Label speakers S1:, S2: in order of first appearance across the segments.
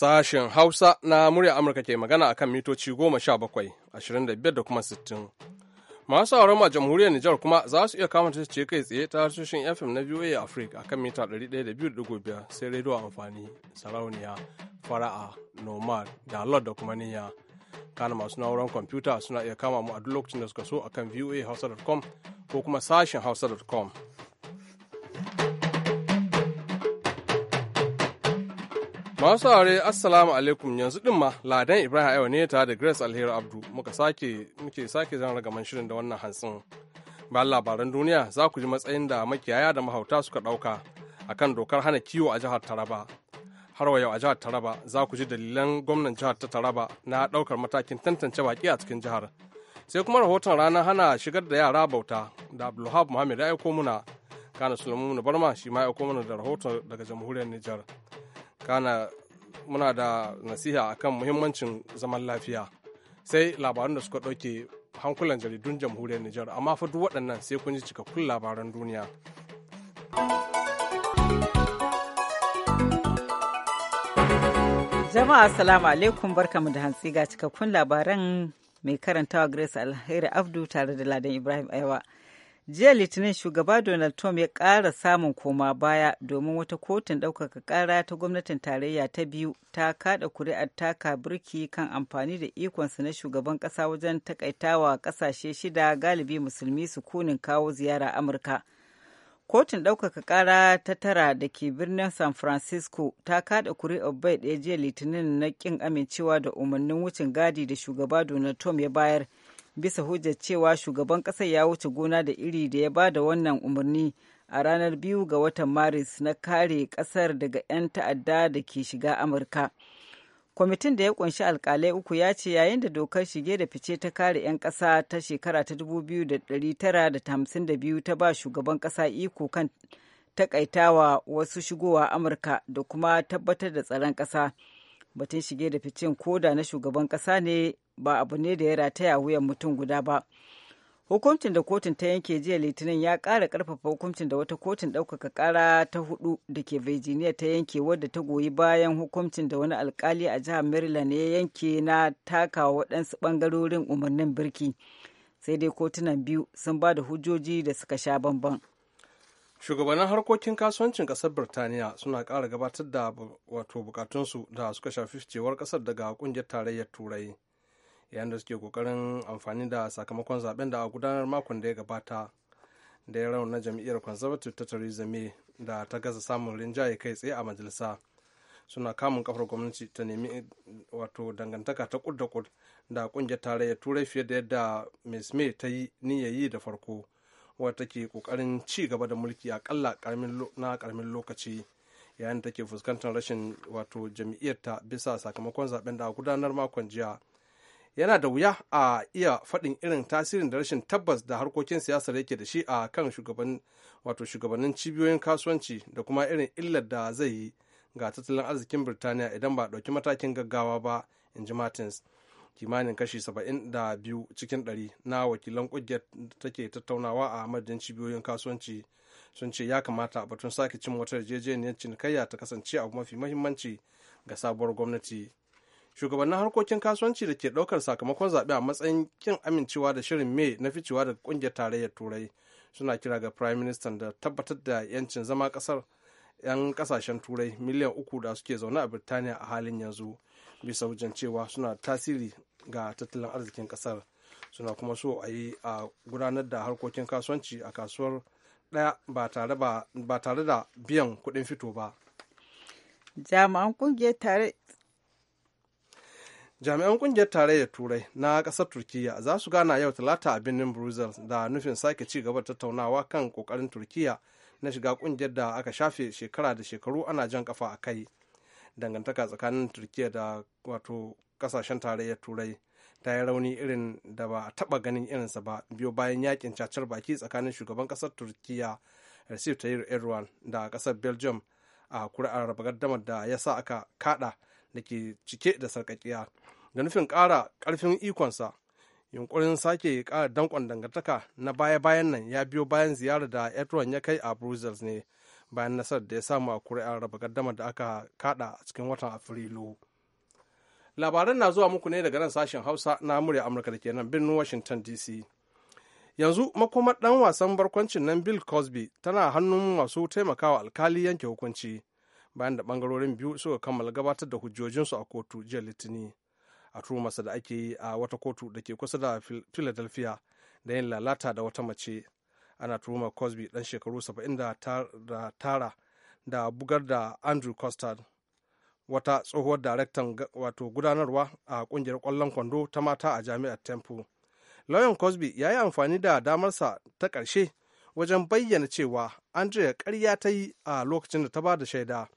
S1: Sashen Hausa na murya Amurka ke magana a kan mitoci goma sha bakwai, ashirin da biyar da kuma sittin. Masu a a jamhuriyar Nijar kuma za su iya kama ce kai tsaye ta harsoshin FM na VOA Africa a kan mita 102.5 sai rediyo amfani sarauniya fara'a nomad da da kuma niyya. Kana masu na'urar kwamfuta suna iya kama mu a duk lokacin da suka so a akan voahausa.com ko kuma sashen hausa.com. Masu are assalamu alaikum yanzu din ma ladan Ibrahim Ayo ne tare da Grace Alheri Abdu muka sake muke sake zan raga man shirin da wannan hantsin. Bayan labaran duniya za ku ji matsayin da makiyaya da mahauta suka ɗauka akan dokar hana kiwo a jihar Taraba. Har wa yau a jihar Taraba za ku ji dalilan gwamnan jihar ta Taraba na ɗaukar matakin tantance baki a cikin jihar. Sai kuma rahoton ranar hana shigar da yara bauta da Abdulhab Muhammad ya aiko muna. Kana Sulaimu Barma shi ma ya aiko mana da rahoton daga jamhuriyar Nijar. kana muna da nasiha akan muhimmancin zaman lafiya sai labaran da suka ɗauke hankulan jaridun jamhuriyar Nijar amma fa duk waɗannan sai kun ji cikakkun labaran duniya.
S2: Jama'a assalamu alaikum barkamu da hantsi ga cikakkun labaran mai karantawa Grace Alheri Abdu tare da Ladan Ibrahim Aiwa. jiya litinin shugaba donald trump ya ƙara samun koma baya domin wata kotun ɗaukaka ƙara ta gwamnatin tarayya ta biyu ta kaɗa kuri'ar taka birki kan amfani da ikonsa na shugaban ƙasa wajen takaitawa ƙasashe shida galibi musulmi su kunin kawo ziyara amurka kotun ɗaukaka ƙara ta tara da ke birnin san francisco ta kaɗa kuri'ar bai ɗaya jiya litinin na ƙin amincewa da umarnin wucin gadi da shugaba donald trump ya bayar bisa hujjar cewa shugaban ƙasar ya wuce gona da iri da ya ba da wannan umarni a ranar biyu ga watan maris na kare ƙasar daga 'yan ta'adda da ke shiga amurka kwamitin da ya kunshi alkalai uku ya ce yayin da dokar shige da fice ta kare 'yan ƙasa ta shekara ta biyu ta ba shugaban ƙasa iko kan takaitawa wasu shigowa amurka da kuma tabbatar da tsaron ƙasa batun shige da ficen koda na shugaban ƙasa ne ba abu ne da ya rataya wuyan mutum guda ba hukuncin da kotun ta yanke jiya litinin ya ƙara ƙarfafa hukuncin da wata kotun ɗaukaka ƙara ta hudu da ke virginia ta yanke wadda ta goyi bayan hukuncin da wani alkali a jihar maryland ya yanke na takawa waɗansu ɓangarorin umarnin birki sai dai kotunan biyu sun ba da hujjoji da suka sha bamban shugabannin harkokin kasuwancin ƙasar birtaniya
S1: suna ƙara gabatar da wato bukatunsu da suka shafi ficewar ƙasar daga ƙungiyar tarayyar turai yayin da suke kokarin amfani da sakamakon zaben da a gudanar makon da ya gabata da ya rauna jam'iyyar conservative ta theresa may da ta gaza samun rinjaye kai tsaye a majalisa suna kamun kafar gwamnati ta nemi wato dangantaka ta kud da kud da kungiyar tarayyar turai fiye da yadda ms may ta yi yi da farko wadda take kokarin ci gaba da mulki akalla na karamin lokaci yayin da take fuskantar rashin wato jam'iyyarta bisa sakamakon zaben da gudanar makon jiya yana da wuya a iya faɗin irin tasirin da rashin tabbas da harkokin siyasar yake da shi a kan shugabannin cibiyoyin kasuwanci da kuma irin illar da zai yi ga tattalin arzikin birtaniya idan ba ɗauki matakin gaggawa ba in ji martins kimanin kashi saba'in da biyu cikin ɗari na wakilan ƙungiyar da take tattaunawa a madadin cibiyoyin kasuwanci sun ce ya kamata batun sake cin wata yarjejeniyar cinikayya ta kasance abu mafi mahimmanci ga sabuwar gwamnati shugabannin harkokin kasuwanci da ke ɗaukar sakamakon zaɓe a matsayin kin amincewa da shirin may na ficewa daga ƙungiyar tarayyar turai suna kira ga prime minister da tabbatar da yancin zama ƙasar 'yan ƙasashen turai miliyan uku da suke zaune a birtaniya a halin yanzu bisa wajen cewa suna tasiri ga tattalin arzikin ƙasar suna kuma so a yi a gudanar da harkokin kasuwanci a kasuwar ɗaya ba tare da biyan kuɗin fito ba
S2: jami'an kungiyar
S1: jami'an kungiyar tarayyar turai na kasar turkiya za su gana yau talata a birnin brussels da nufin sake ci gaba tattaunawa kan kokarin turkiya na shiga kungiyar da aka shafe shekara da shekaru ana jan kafa a kai dangantaka tsakanin turkiya da wato kasashen tarayyar turai ta yi rauni irin da ba a taba ganin irinsa ba biyo bayan yakin cacar baki tsakanin shugaban kasar turkiya recep tayyip erdogan da kasar belgium a kuri'ar raba da ya sa aka kada da ke cike da sarƙaƙiya da nufin ƙara ƙarfin ikonsa yunkurin sake ƙara danƙon dangantaka na baya-bayan nan ya biyo bayan ziyarar da erdogan ya kai a brussels ne bayan nasarar da ya samu a kuri'ar raba gardamar da aka kada a cikin watan afrilu labaran na zuwa muku ne daga nan sashen hausa na murya amurka da ke nan birnin washington dc yanzu makomar dan wasan barkwancin nan bill cosby tana hannun masu taimakawa alkali yanke hukunci bayan da bangarorin biyu suka kammala gabatar da hujjojinsu a kotu jiya litinin a tuhumarsa da ake yi a wata kotu da ke kusa da philadelphia da yin lalata da wata mace ana tuhumar cosby dan shekaru 79 da bugar da andrew costard wata tsohuwar daraktan wato gudanarwa a kungiyar kwallon kwando ta mata a jami'ar temple lauyan cosby ya yi amfani da damarsa ta karshe wajen bayyana cewa andrea karya ta yi a lokacin da ta ba da shaida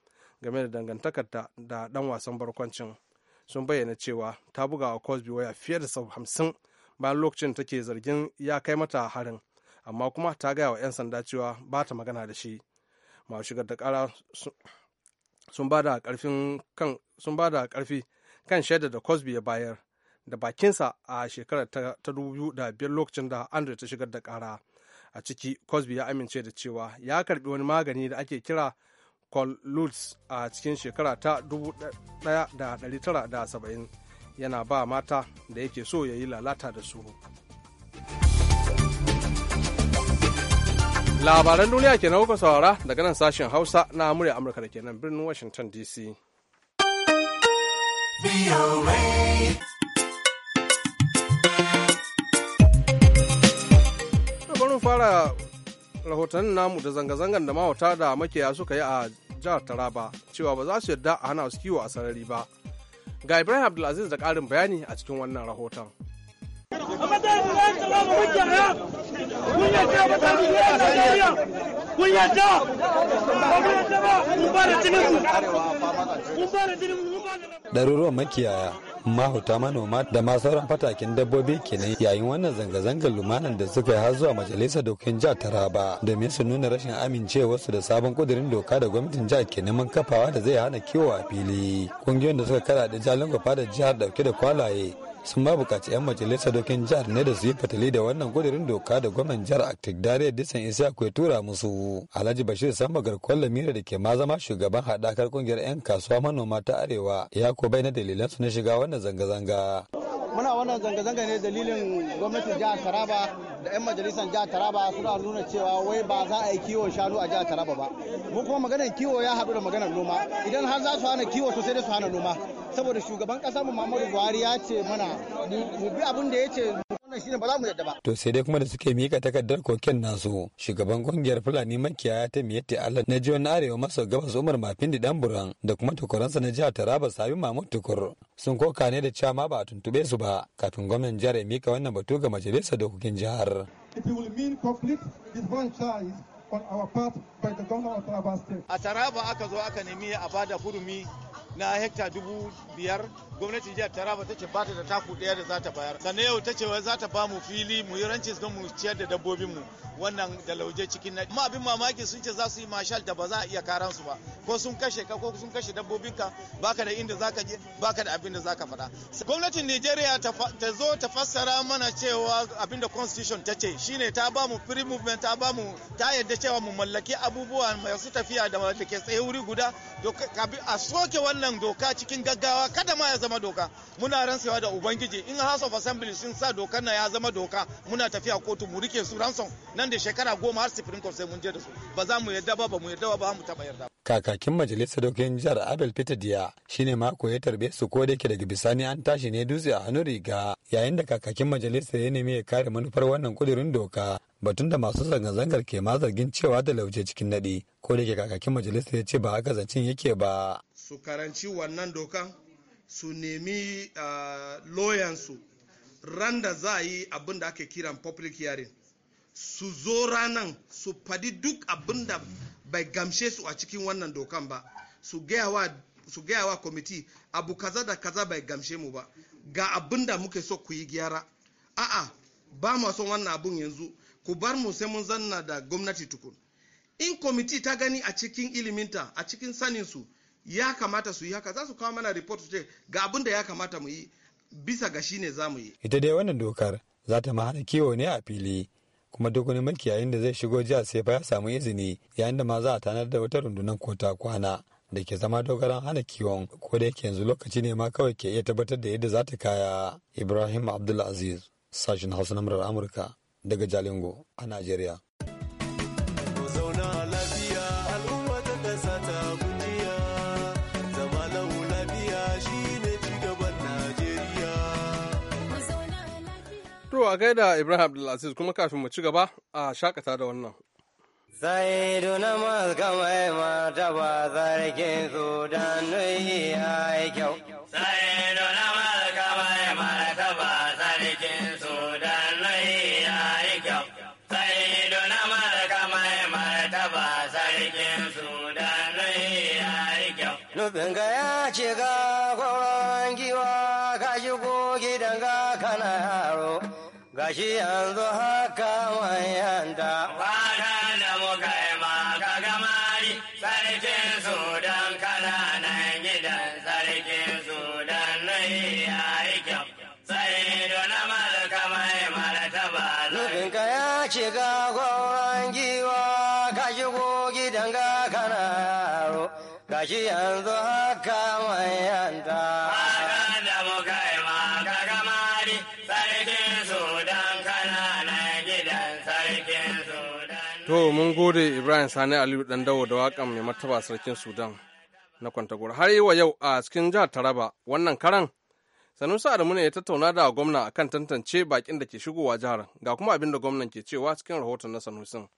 S1: game da dangantakarta da dan wasan barkwancin sun bayyana cewa ta buga wa cosby waya fiye da sau hamsin bayan lokacin take zargin ya kai mata harin amma kuma ta gaya wa 'yan sanda cewa ba ta magana da shi masu shigar da kara sun ba da karfi kan shaidar da cosby ya bayar da bakinsa a shekarar ta dubu da biyar lokacin da andre ta shigar da kara a ciki cosby ya amince da cewa ya karbi wani magani da ake kira Col Lutz a cikin shekara ta 1970 yana ba mata da yake so ya yi lalata da su. Labaran duniya kenan kuka saurara daga nan sashen Hausa na murya Amurka da kenan birnin Washington DC. fara rahotannin namu da zanga-zangar da mawata da makiyaya suka yi a jihar Taraba cewa ba za su yarda a hana su kiwo a sarari ba. Ga Ibrahim Abdulaziz da ƙarin bayani a cikin wannan rahoton.
S3: Ɗaruruwan makiyaya mahuta manoma da ma sauran fatakin dabbobi kenan yayin wannan zanga-zangar lumanan da suka yi har zuwa Majalisa, dokin jihar taraba domin su nuna rashin amincewarsu da sabon kudirin doka da gwamnatin jihar ke neman kafawa da zai hana kiwo a fili kungiyoyin da suka kada da jalin gwafa da jihar dauke da kwalaye sun ma bukaci 'yan majalisar dokin jihar ne da su yi fatali da wannan gudurin doka da gwamnan jihar arctic dare disan isa ya tura musu alhaji bashir samba garkuwar lamira da ke ma zama shugaban haɗakar kungiyar 'yan kasuwa manoma ta arewa ya ko bai na dalilan su na shiga wannan zanga-zanga
S4: muna wannan zanga-zanga ne dalilin gwamnatin jihar taraba da 'yan majalisar jihar taraba suna nuna cewa wai ba za a yi kiwon shanu a jihar taraba ba mu kuma maganar kiwo ya haɗu da maganar noma idan har za su hana kiwo to sai dai su hana noma saboda shugaban ƙasa mu muhammadu buhari ya ce mana mu bi abin da ya ce ba
S3: To sai dai kuma da suke mika takardar koken nasu shugaban kungiyar Fulani makiyaya ta Miyetti Allah na Jiyon Arewa maso gabas Umar Mafindi buran da kuma tukuransa na jihar Taraba Sabi Mahmud Tukur sun koka ne da cewa ma ba a tuntube su ba kafin gwamnan jihar ya mika wannan batu ga majalisar dokokin jihar.
S5: A Taraba aka zo aka nemi a bada hurumi na hekta dubu biyar gwamnatin jihar taraba ta ce ba ta da taku ɗaya da za ta bayar sannan yau ta ce wai za ta ba mu fili mu yi rancis don mu ciyar da dabbobinmu wannan da lauje cikin nadi. amma abin mamaki sun ce za su yi mashal da ba za a iya karan su ba ko sun kashe ka ko sun kashe dabbobinka baka da inda zaka je baka da abin da zaka faɗa gwamnatin nigeria ta zo ta fassara mana cewa abin da constitution ta ce shine ta ba mu free movement ta ba mu ta yadda cewa mu mallaki abubuwa masu tafiya da ke tsaye wuri guda a soke wannan wannan doka cikin gaggawa kada ma ya zama doka muna ransawa da ubangiji in house of assembly sun sa dokar na ya zama doka muna tafiya kotu mu rike su ransom nan da shekara goma har supreme court sai mun je da su ba za mu yarda ba ba mu yarda ba ba mu taba yarda
S3: kakakin majalisar dokokin jihar abel peter diya shine mako ya tarbe su ko da yake daga bisani an tashi ne dutse a hannun riga yayin da kakakin majalisar ya nemi ya kare manufar wannan kudirin doka batun da masu zanga-zangar ke ma zargin cewa da lauje cikin nadi ko da kakakin majalisar ya ce ba haka zancen yake ba
S1: su karanci wannan dokan su nemi ah, loyansu ran da za a yi abin da ake kiran public hearing su zo ranan su fadi duk abin da bai gamshe su a cikin wannan dokan ba su gaya wa kwamiti abu kaza da kaza bai gamshe mu ba ga abin da muke so ku yi gyara a'a ba mu wannan abun yanzu ku bar mu sai mun zanna da gwamnati tukun in kwamiti ta gani a cikin iliminta a cikin saninsu ya kamata su yi haka za su kawo mana report su ce ga abin da ya kamata mu yi bisa ga shine za mu yi
S3: ita dai wannan dokar za ta kiwo ne a fili kuma duk wani yayin da zai shigo jiya sai fa ya samu izini yayin da ma za a tanar da wata rundunar kota kwana da ke zama dogaran hana kiwon ko da yake yanzu lokaci ne ma kawai ke iya tabbatar da yadda za ta kaya ibrahim abdulaziz sashen hausa na amurka daga jalingo a najeriya
S1: a gaida Ibrahim Abdulaziz kuma kafin mu ci gaba a shakata da wannan. duna na mai mata ba zargin
S6: su da nuyi ya yi kyau. duna na mai mata ba zargin su da nuyi ya yi kyau. duna na mai mata ba zargin su da nuyi ya yi kyau. Nufin ga ya ce gashi yanzu haka da wata da muka yi maka gamari sarkin sudan kananan gidan sarkin
S2: sudan na yi kyau. sai na malaka mai
S6: martaba ka ya shiga goron giwa ka shigo gidan ga kana yaro gashi yanzu haka wayanta
S1: To mun gode Ibrahim Sani Aliyu dan dawo da wakan mai martaba sarkin Sudan na kwantagor Har yi wa yau a cikin jihar Taraba wannan karan Sanusi Adamu ne ya tattauna da gwamna akan tantance bakin da ke shigowa jihar ga kuma abin da gwamnan ke cewa cikin rahoton na Sanusin.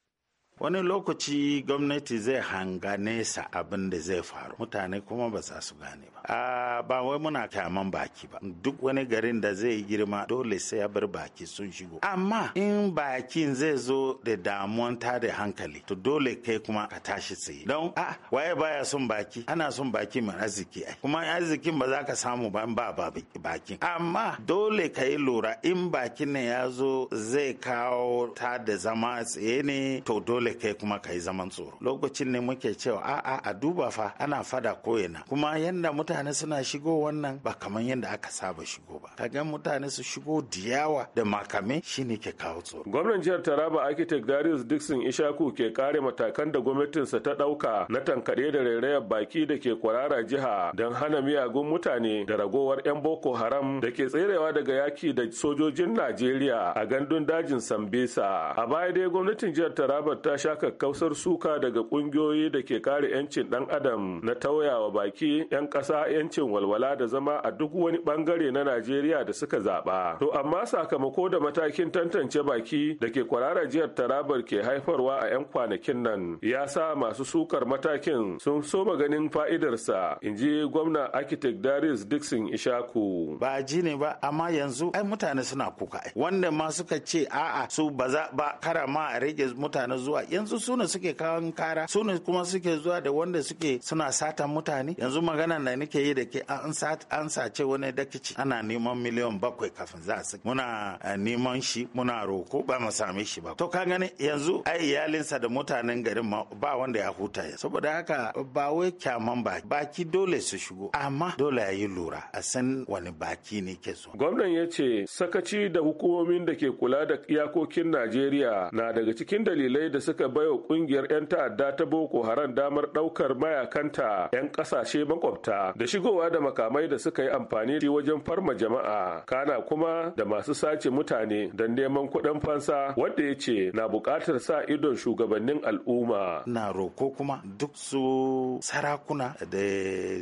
S7: wani lokaci gwamnati zai hanga nesa abin da zai faru mutane kuma ba za su gane ba a ba wai muna kyaman baki ba duk wani garin da zai girma dole sai ya bar baki sun shigo amma in bakin zai zo da damuwan da hankali to dole kai kuma ka tashi tsaye don a waye baya son baki ana son baki mai arziki ai kuma arzikin ba za ka samu ba in ba ba bakin amma dole ka yi lura in bakin ne ya zo zai kawo ta da zama tsaye ne to dole dole kai kuma ka yi zaman tsoro lokacin ne muke cewa a'a a duba fa ana fada koyana kuma yanda mutane suna shigo wannan ba kamar yanda aka saba shigo ba kaga mutane su shigo diyawa da makame shine ke kawo tsoro
S8: gwamnan jihar taraba architect darius dixon ishaku ke kare matakan da sa ta dauka na tankaɗe da rairayar baki da ke kwarara jiha don hana miyagun mutane da ragowar 'yan boko haram da ke tserewa daga yaki da sojojin najeriya a gandun dajin sambisa a baya dai gwamnatin jihar taraba ta ya sha kakkausar suka daga kungiyoyi da ke kare 'yancin dan adam na tauyawa baki 'yan ƙasa 'yancin walwala da zama a duk wani bangare na najeriya da suka zaɓa to amma sakamako da matakin tantance baki da ke kwarara jihar tarabar ke haifarwa a 'yan kwanakin nan ya sa masu sukar matakin sun soma ganin fa'idarsa in ji gwamna architect darius dixon ishaku ba a ji ne ba amma
S7: yanzu ai mutane suna kuka wanda ma suka ce a'a su ba za ba kara ma a rage mutane zuwa yanzu su ne suke kawo kara su ne kuma suke zuwa da wanda suke suna satan mutane yanzu magana na nake yi da ke an sace wani dakici ana neman miliyan bakwai kafin za su muna eh, neman shi muna roko ba mu same shi ba to ka gani yanzu ai iyalinsa da mutanen garin ma ba wanda ya huta ya saboda haka ba wai kyaman baki baki dole su shigo amma dole a yi lura a san wani baki ne ke so
S8: gwamnan ya ce sakaci da hukumomin da ke kula da iyakokin najeriya na daga cikin dalilai da suka suka wa kungiyar 'yan ta'adda ta boko haram damar daukar mayakanta 'yan kasashe makwabta da shigowa da makamai da suka yi amfani da wajen farma jama'a kana kuma da masu sace mutane da neman kuɗin fansa wanda ya ce na buƙatar sa idon shugabannin al'umma
S7: na roko kuma duk su sarakuna da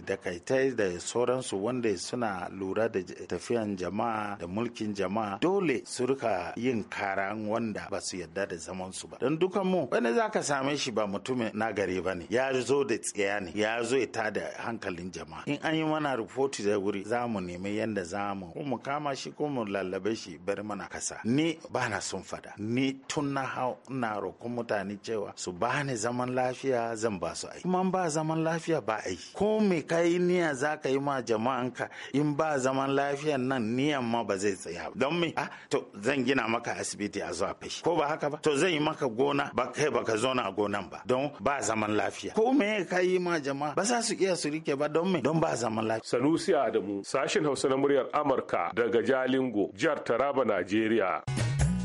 S7: dakaitai da sauransu wanda suna lura da tafiyan jama'a da mulkin jama'a dole su rika yin karan wanda ba su yarda da zaman su ba don dukan mu samu wani za ka same shi ba mutumin na gari ba ne ya zo da tsaya ne ya zo ya tada hankalin jama'a in an yi mana rufoti da wuri za mu nemi yadda za mu mu kama shi ko mu lallabe shi bar mana kasa ni ba na sun fada ni tun na hau na roƙon mutane cewa su ba ni zaman lafiya zan ba su aiki kuma ba zaman lafiya ba aiki ko me yi niyya za ka yi ma jama'anka in ba zaman lafiya nan niyan ma ba zai tsaya don me ah to zan gina maka asibiti a zuwa fashi ko ba haka ba to zan yi maka gona
S8: ba kai baka zauna a gonan ba don ba zaman lafiya
S7: ko me ka yi ma jama'a ba za su iya
S8: su rike ba don me don ba zaman lafiya sanusi adamu sashin hausa na muryar amurka daga jalingo jihar taraba najeriya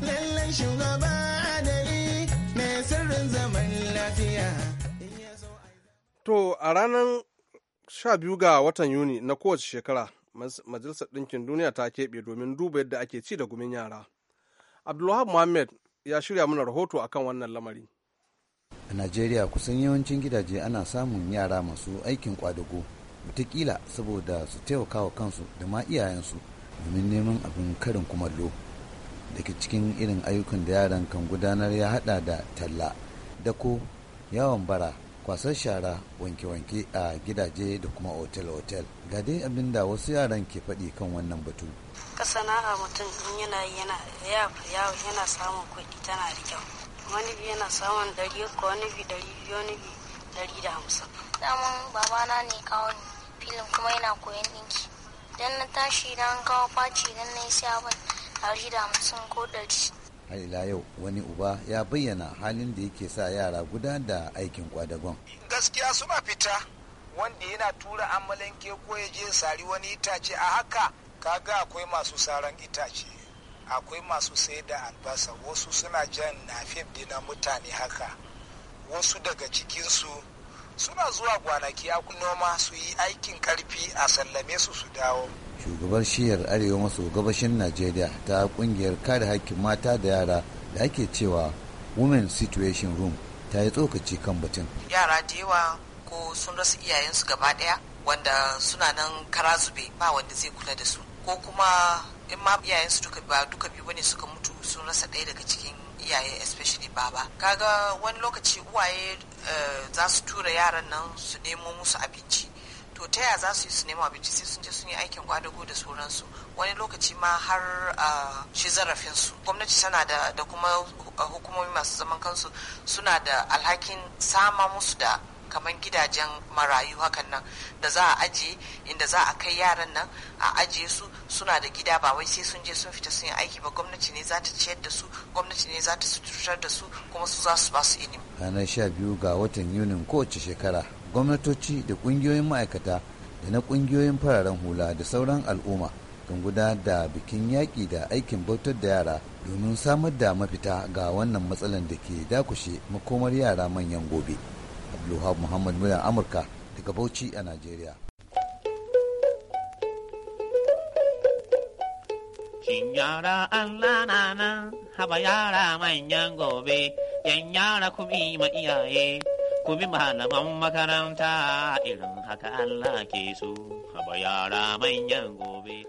S6: lallan shugaba adali
S7: mai sirrin zaman lafiya
S1: to a ranar 12 ga watan yuni na kowace shekara majalisar ɗinkin duniya ta keɓe domin duba yadda ake ci da gumin yara abdulwahab muhammad ya shirya mana rahoto a kan wannan lamari.
S4: A Najeriya kusan yawancin gidaje ana samun yara masu aikin kwadago, wataƙila saboda su taimaka wa kansu da ma iyayensu domin neman abin karin kumallo. Daga cikin irin ayyukan da yaran kan gudanar ya haɗa da talla, dako, yawon bara, kwasar shara, wanke-wanke a gidaje da kuma otel-otel. Ga dai abin da wasu yaran ke faɗi kan wannan batu.
S6: ka sana'a mutum in yana yana ya yana samun kuɗi tana da kyau wani bi yana samun ɗari uku wani bi ɗari biyu wani bi ɗari da hamsin. daman babana ne kawo filin kuma yana koyon ɗinki idan na tashi na kawo faci idan na yi sai abin ɗari da hamsin ko ɗari.
S4: har yau wani uba ya bayyana halin da yake sa yara guda da aikin kwadagon.
S6: gaskiya suna fita wanda
S3: yana tura amalanke ko ya je sari wani itace a haka kaga akwai masu saran itace akwai masu sai da albasa wasu suna jan nafif na mutane haka wasu daga cikinsu suna zuwa gwanaki a noma su yi aikin karfi a sallame su su dawo
S4: shugabar shiyar arewa maso gabashin najeriya ta kungiyar kare haƙƙin mata da yara da ake cewa women situation room ta yi tsokaci kan batun
S2: yara da yawa ko sun rasa iyayensu gaba ɗaya wanda suna nan kara zube ba wanda zai kula da su ko kuma in ma iyayen su duka ba duka biyu bane suka mutu sun rasa ɗaya daga cikin iyaye especially baba kaga wani lokaci uwaye eh, za su tura yaran nan su nemo musu abinci to ta yaya za su yi su nemo abinci sai sun je sun yi aikin kwadago da sauransu wani lokaci ma har ah, shi zarafin su gwamnati tana da da kuma hukumomi masu zaman kansu suna da alhakin sama musu da kamar gidajen marayu hakan nan da za a ajiye inda za a kai yaran nan a ajiye su suna da gida ba wai sai sun je sun fita sun yi aiki ba gwamnati ne za ta ciyar da su gwamnati ne za ta suturar da su kuma su za
S4: su ba ilimi ranar sha biyu ga watan yunin kowace shekara gwamnatoci da kungiyoyin ma'aikata da na kungiyoyin fararen hula da sauran al'umma kan gudanar da bikin yaƙi da aikin bautar da yara domin samar da mafita ga wannan matsalar da ke dakushe makomar yara manyan gobe. Abdulwahab Muhammad Muna Amurka daga Bauchi a Najeriya. Shin yara Allah na nan haba yara manyan gobe, yan
S2: yara ku bi ma iyaye, ku bi malaman makaranta irin haka
S7: Allah ke so, haba yara manyan gobe.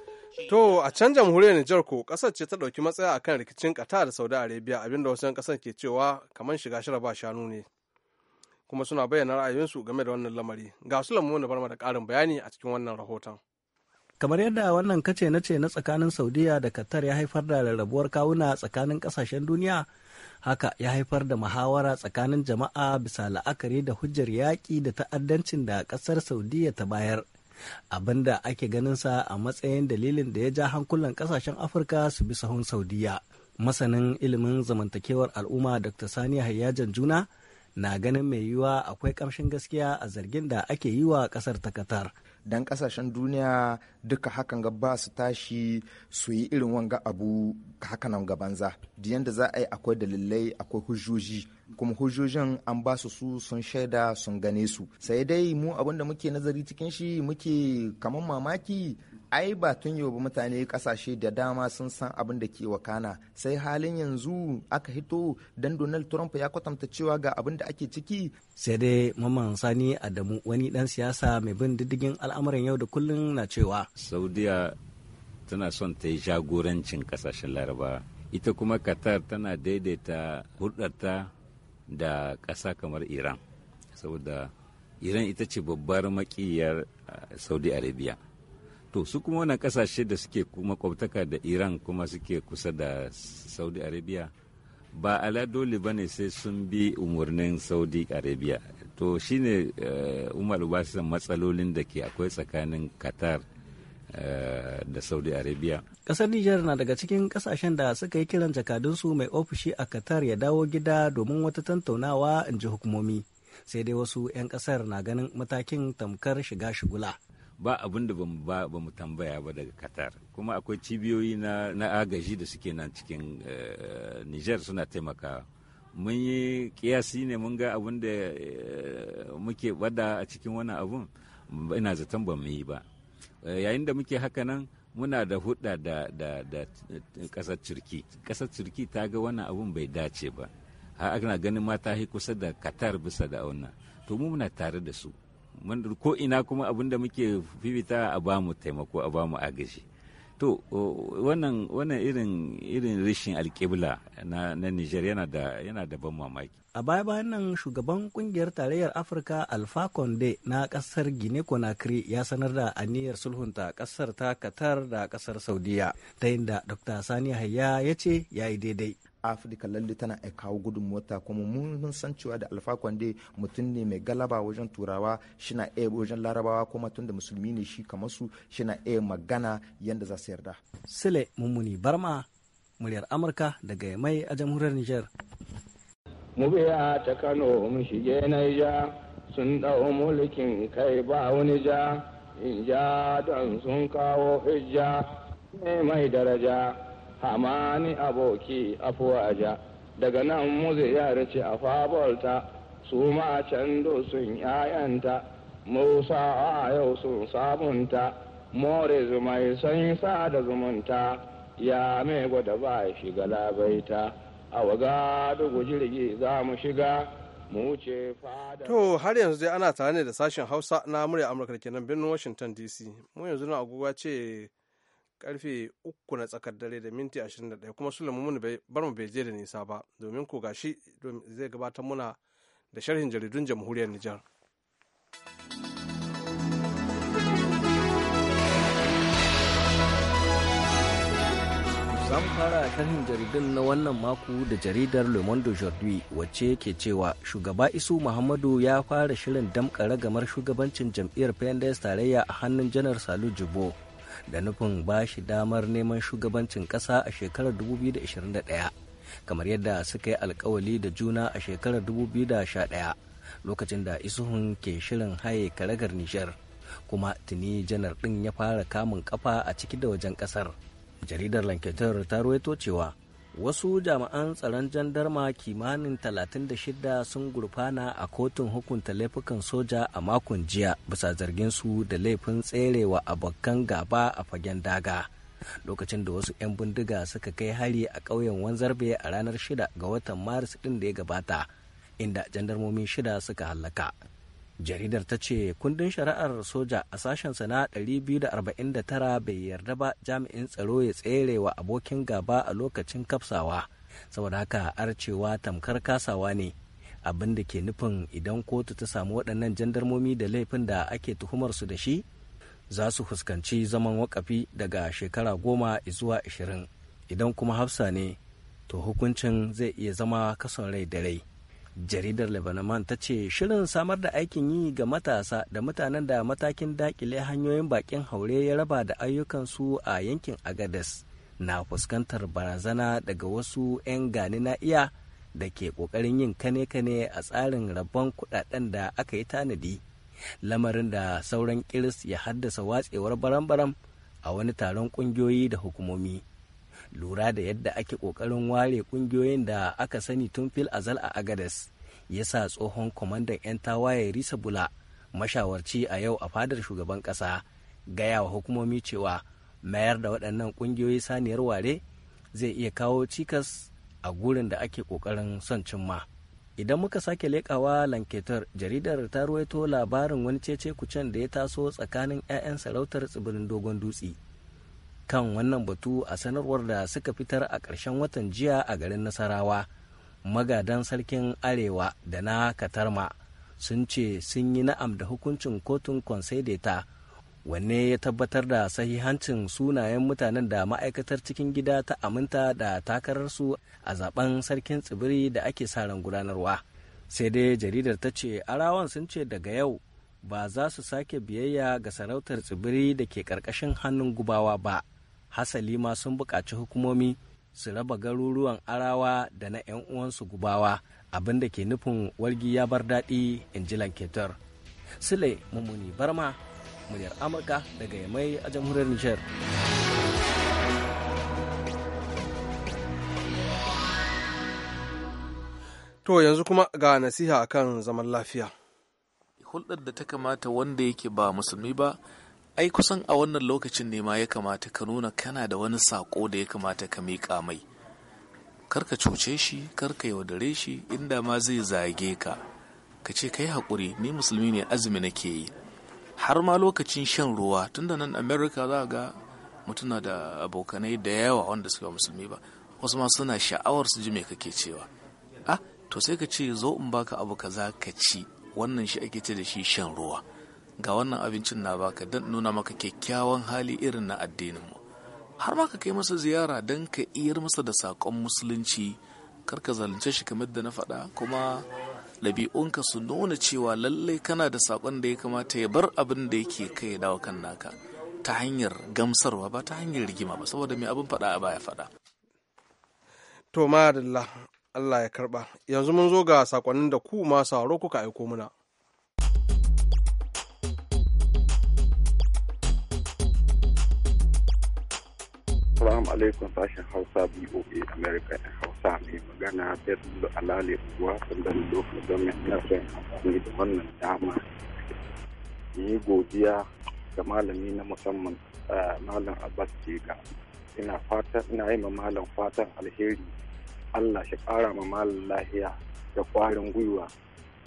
S1: To a can jamhuriyar Nijar ko kasar ce ta ɗauki matsaya akan rikicin ƙata da Saudi Arabia abinda wasu 'yan ƙasar ke cewa kamar shiga shara ba shanu ne. kuma suna bayyana ra'ayoyinsu game da wannan lamari ga su lamu bar da ƙarin bayani a cikin wannan rahoton
S6: kamar yadda wannan kace na ce na tsakanin saudiya da qatar ya haifar da rarrabuwar kawuna tsakanin ƙasashen duniya haka ya haifar da muhawara tsakanin jama'a bisa la'akari da hujjar yaƙi da ta'addancin da ƙasar saudiya ta bayar abinda ake ganinsa a matsayin dalilin da ya ja hankulan ƙasashen afirka su bi sahun saudiya masanin ilimin zamantakewar al'umma dr sani hayyajan juna na ganin mai yiwuwa akwai kamshin gaskiya a zargin da ake yi wa kasar
S4: ta Qatar. Dan kasashen duniya duka hakan ga ba su tashi su yi irin wanga abu hakanan ga banza. Diyan da za a yi akwai dalilai akwai hujjoji kuma hujjojin an ba su su sun shaida sun gane su. Sai dai mu abin da muke nazari cikin shi muke kamar mamaki ai ba tun yau ba mutane kasashe da dama sun san abin da ke wakana sai halin yanzu aka hito don donald trump ya kwatanta cewa ga abin da ake ciki sai dai mamman sani adamu wani dan siyasa mai
S6: bin diddigin al'amuran yau da kullun na cewa
S9: saudiya tana son ta yi jagorancin kasashen laraba ita kuma qatar tana daidaita hulɗarta da ƙasa kamar iran saboda iran ita ce babbar makiyar eh, saudi arabia to su kuma wannan kasashe da suke kuma kwabtaka da iran kuma suke kusa da saudi arabia ba ala dole ba ne sai sun bi umarnin saudi arabia to shine eh, umar basu matsalolin da ke akwai tsakanin qatar eh, da saudi arabia
S6: kasar nijar na daga cikin kasashen da suka yi kiran jakadunsu mai ofishi a qatar ya dawo gida domin wata tantaunawa in ji hukumomi sai dai wasu 'yan kasar na ganin matakin tamkar shiga shigula
S9: ba abin da ba mu tambaya ba daga qatar kuma akwai cibiyoyi na agaji da suke nan cikin eh, niger suna taimakawa mun yi kiyasi ne mun ga abin da eh, muke bada a cikin wani abun ina zaton ba mu yi ba eh, yayin da muke haka nan muna da hudda da, da, da kasar turki kasar turki ta ga wani abun bai dace ba har ana ganin mata ta kusa da qatar bisa da wannan to mu muna tare da su ko ina kuma abin da muke fifita a ba mu taimako a ba mu agaji to wannan irin irin rashin alkibla na, na yana da ban mamaki
S6: a baya bayan nan shugaban kungiyar tarayyar Afirka Alfa Conde na kasar Guinea Conakry ya sanar da aniyar sulhunta kasar ta katar da kasar Saudiya ta da
S4: Dr. Sani Hayya ya ce ya yi daidai afirka lalle tana iya kawo gudunmuwarta kuma mun san cewa da alfa kwande mutum ne mai galaba wajen turawa na iya wajen larabawa kuma tun da musulmi ne shi kamar su na iya magana yadda za su yarda
S6: sile mummuni barma muryar amurka daga mai a jamhuriyar niger
S4: mu
S7: a ta kano mu shige na ija sun dau mulkin kai ba wani ja in ja don sun kawo hijja ne mai daraja hamani aboki afuwaja daga nan muze ya race a fabolta su ma can sun yayanta musa a yau sun sabunta more zumai sun sa da zumunta ya mai gwada ba shiga labaita a waga dugu jirgi za mu
S1: shiga mu
S7: ce fada to
S1: har yanzu dai ana tare ne da sashen hausa na murya amurka kenan birnin washington dc mu yanzu na agogo ce karfe uku na tsakar dare da minti 21 kuma Sulaiman bar mu bai je da nisa ba domin ko gashi zai gabatar muna da sharhin jaridun jamhuriyar Nijar.
S6: Zan fara sharhin jaridun na wannan mako da jaridar le monde aujourd'hui wacce ke cewa shugaba isu muhammadu ya fara shirin damƙa gamar shugabancin jam'iyyar pnds tarayya a hannun janar salu jibo da nufin ba shi damar neman shugabancin ƙasa a shekarar 2021 kamar yadda suka yi alkawali da juna a shekarar 2011 lokacin da isuhun ke shirin haye karagar nijar kuma tuni janar ɗin ya fara kamun kafa a ciki da wajen ƙasar jaridar lanketar ta ruwaito cewa wasu jami'an tsaron jandarma kimanin 36 sun gurfana a kotun hukunta laifukan soja a makon jiya bisa zargin su da laifin tserewa a abokan gaba a fagen daga lokacin da wasu 'yan bindiga suka kai hari a ƙauyen wanzarbe a ranar 6 ga watan maris ɗin da ya gabata inda jandarmomin shida suka hallaka jaridar ta ce kundin shari'ar soja a sashensa na 249 bai yarda ba jami'in tsaro ya tsere wa abokin gaba a lokacin kafsawa saboda haka arcewa tamkar kasawa ne abin da ke nufin idan kotu ta samu waɗannan jandarmomi da laifin da ake tuhumarsu da shi za su fuskanci zaman wakafi daga shekara goma zuwa ashirin idan kuma hafsa ne to hukuncin zai iya zama kason rai da rai jaridar lebanon ta ce shirin samar da aikin yi ga matasa da mutanen da matakin dakile hanyoyin bakin haure ya raba da ayyukansu a yankin agades na fuskantar barazana daga wasu 'yan gani na iya da ke ƙoƙarin yin kane-kane a tsarin rabon kudaden da aka yi tanadi lamarin da sauran kiris ya haddasa watsewar baram-baram a wani taron ƙungiyoyi da hukumomi lura da yadda ake kokarin ware kungiyoyin da aka sani tun fil azal a agades ya sa tsohon kwamandan 'yan tawaye risa bula mashawarci a yau a fadar shugaban kasa gaya wa hukumomi cewa mayar da waɗannan ƙungiyoyi saniyar ware zai iya kawo cikas a gurin da ake kokarin son cimma idan muka sake leƙawa lanketar jaridar ta ruwaito labarin wani cece kucen da ya taso tsakanin 'ya'yan sarautar tsibirin dogon dutse kan wannan batu a sanarwar da suka fitar a ƙarshen watan jiya a garin nasarawa magadan sarkin arewa da na katarma sun ce sun yi na'am da hukuncin kotun konsaideta wanne ya tabbatar da sahihancin sunayen mutanen da ma'aikatar cikin gida ta aminta da takararsu a zaben sarkin tsibiri da ake sa ran gudanarwa sai dai jaridar ta ce arawan sun ce daga yau ba za su sake biyayya ga sarautar tsibiri da ke ƙarƙashin hannun gubawa ba hasali ma sun buƙaci hukumomi su raba garuruwan arawa da na 'yan uwansu gubawa abin da ke nufin wargi ya bar daɗi in ji lanketar sule mummuni barma muryar amurka daga yamai a jamhuriyar nijar to yanzu
S1: kuma ga nasiha akan zaman lafiya
S5: hulɗar da ta kamata wanda yake ba musulmi ba ai kusan a wannan lokacin ne ma ya kamata ka nuna kana da wani sako da ya kamata ka miƙa mai karka cuce shi karka yaudare shi inda ma zai zage ka ka ce ka yi haƙuri ni musulmi ne azumi nake yi har ma lokacin shan ruwa tunda nan america za ga mutuna da abokanai da yawa wanda suke musulmi ba wasu ma suna sha'awar su ji me kake cewa ah to sai ka ce zo in baka abu kaza ka ci wannan shi ake ce da shi shan ruwa ga wannan abincin na baka don nuna maka kyakkyawan hali irin na addininmu har ma ka kai masa ziyara don ka iyar masa da saƙon musulunci kar ka zalunce shi kamar da na faɗa kuma ɗabi'unka su nuna cewa lallai kana da saƙon da ya kamata ya bar abin da yake kai ya kan naka ta hanyar gamsarwa ba ta hanyar rigima ba saboda mai abin faɗa a baya faɗa.
S1: To Allah ya karɓa
S5: yanzu mun zo ga
S1: sakonni da ku masu kuka aiko muna.
S8: Assalamu alaikum
S7: sashen Hausa BOA America ɗin Hausa mai magana Bello Alale Uwa sandan don domin ina son amfani da wannan dama. Yi godiya ga malami na musamman Malam Abbas Jega. Ina fata ina yi ma malam fatan alheri Allah shi ƙara ma malam lahiya da ƙwarin gwiwa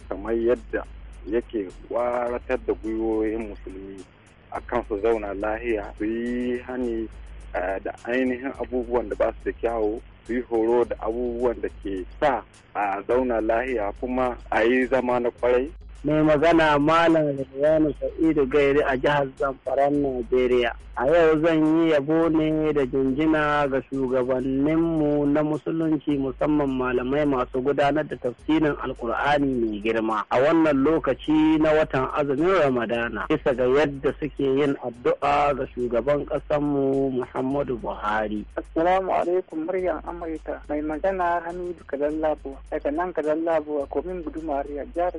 S7: kamar yadda yake ƙwaratar da gwiwoyin musulmi a kan su zauna lahiya su yi hani Eh, da ainihin abubuwan da ba su da kyawu su yi horo da abubuwan da ke sa a zauna lahiya kuma a yi zama na kwarai
S6: mai magana malam Rayuwanu Sa'idu Gairi a jihar Zamfaran Najeriya. A yau zan yi yabo ne da jinjina ga shugabanninmu na musulunci musamman malamai masu gudanar da tafsirin Alkur'ani mai girma a wannan lokaci na watan azumin Ramadana bisa ga yadda suke yin addu'a ga shugaban ƙasanmu Muhammadu Buhari. Assalamu alaikum muryan Amurka mai magana Hamidu Kadallabo daga nan Kadallabo a Komin mariya jihar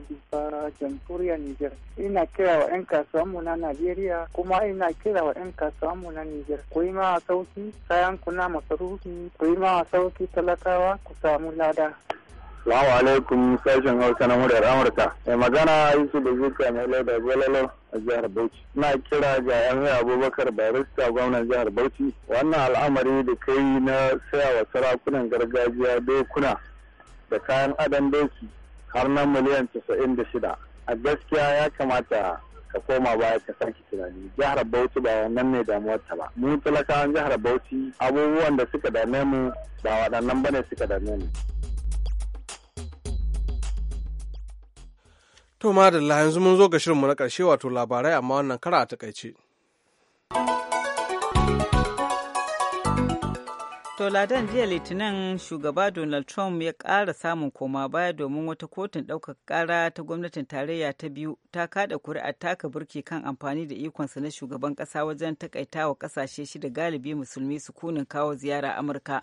S6: jamhuriyar Nijar. Ina kira wa 'yan kasuwanmu na
S7: Najeriya kuma ina kira wa 'yan kasuwanmu na Nijar. Ku yi ma sauki kayan ku na
S6: masarufi, ku yi ma sauki talakawa ku samu lada.
S4: Salamu alaikum sashen Hausa na muryar Amurka. Mai magana Yusuf da Zuka mai lauda Gwalalo a jihar Bauchi. Na kira ga Yahya Abubakar Barista gwamnan jihar Bauchi. Wannan al'amari da kai na saya wa sarakunan gargajiya dokuna da kayan adon doki har na miliyan 96 a gaskiya ya kamata ka koma baya ka sake tunani jihar bauchi ba wannan ne damuwar ta ba mun talakawan jihar bauchi abubuwan da suka dame mu ba waɗannan bane suka dame mu
S1: to madalla yanzu mun zo ga shirinmu na ƙarshe wato labarai amma wannan kara a takaice
S2: To ladan jiya litinin shugaba Donald Trump ya ƙara samun koma baya domin wata kotun ɗaukaka ƙara ta gwamnatin tarayya ta biyu ta kada kuri'a taka burki kan amfani da ikonsa na shugaban ƙasa wajen takaitawa ƙasashe shida galibi musulmi su kunin kawo ziyara Amurka.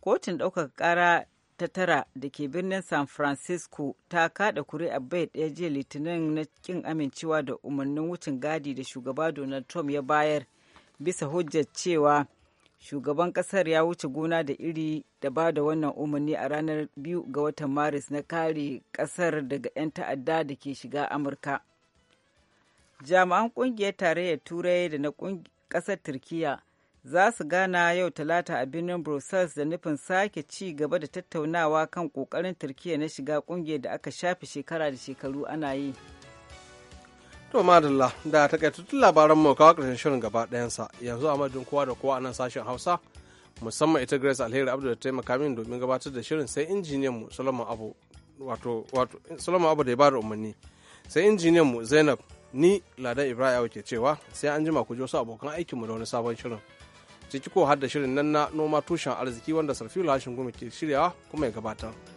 S2: Kotun ɗaukaka ƙara ta tara da ke birnin San Francisco ta kada kuri'a bai ɗaya jiya litinin na kin amincewa da umarnin wucin gadi da shugaba Donald Trump ya bayar bisa hujjar cewa shugaban kasar ya wuce gona da iri da ba da wannan umarni a ranar biyu ga watan maris na kare kasar daga 'yan ta'adda da ke shiga amurka jami'an kungiyar tarayyar turai da na kasar turkiya za su gana yau talata a birnin brussels da nufin sake ci gaba da tattaunawa kan kokarin turkiya na shiga kungiyar da aka shafe shekara da shekaru ana yi. To madalla da
S1: takaitattun labaran mu kawo ƙarshen shirin gaba ɗayansa yanzu a madadin kowa da kowa a nan sashen Hausa musamman ita Grace Alheri Abdul da taimaka min domin gabatar da shirin sai injiniyan mu Solomon Abu wato wato Solomon Abu da ya bada umarni sai injiniyan mu Zainab ni Ladan Ibrahim ke cewa sai an jima ku ji wasu abokan aikin mu da wani sabon shirin ciki ko har da shirin nan na noma tushen arziki wanda Sarfilu Hashin Gumi ke shiryawa kuma ya gabatar.